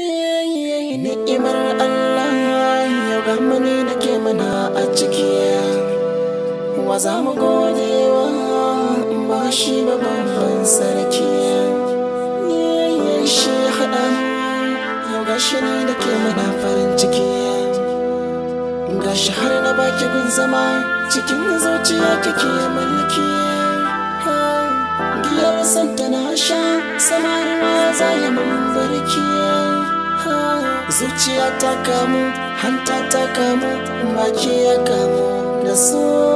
ni'imar Allah ya gama ne da ke mana a ciki wa za mu godewa ba shi ba babban sarki shi haɗa ya gashi ne da ke mana farin ciki gashi har na baki gun zama cikin zuciya kake mulki giyar santa na sha samarin ma za ya mun barki zuciya ta kamu hanta ta kamu baki ya kamu da su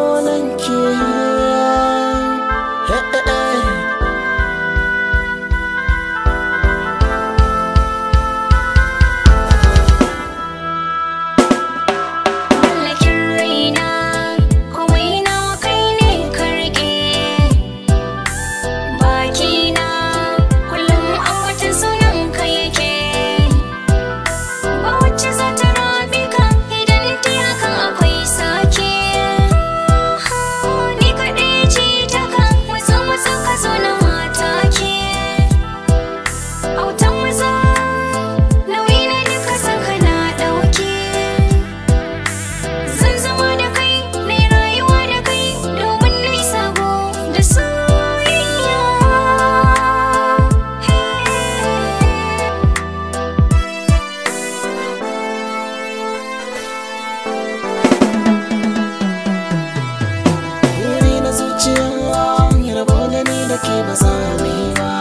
ke ba za yi ba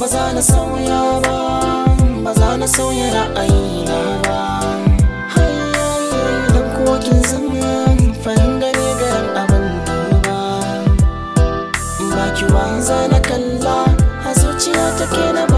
ba za na sauya ba ba za na sauya ra'ayina ba hayayi don kuwa zama fahimta ne garin abin duba ba ki wanza na kalla a zuciya take na ba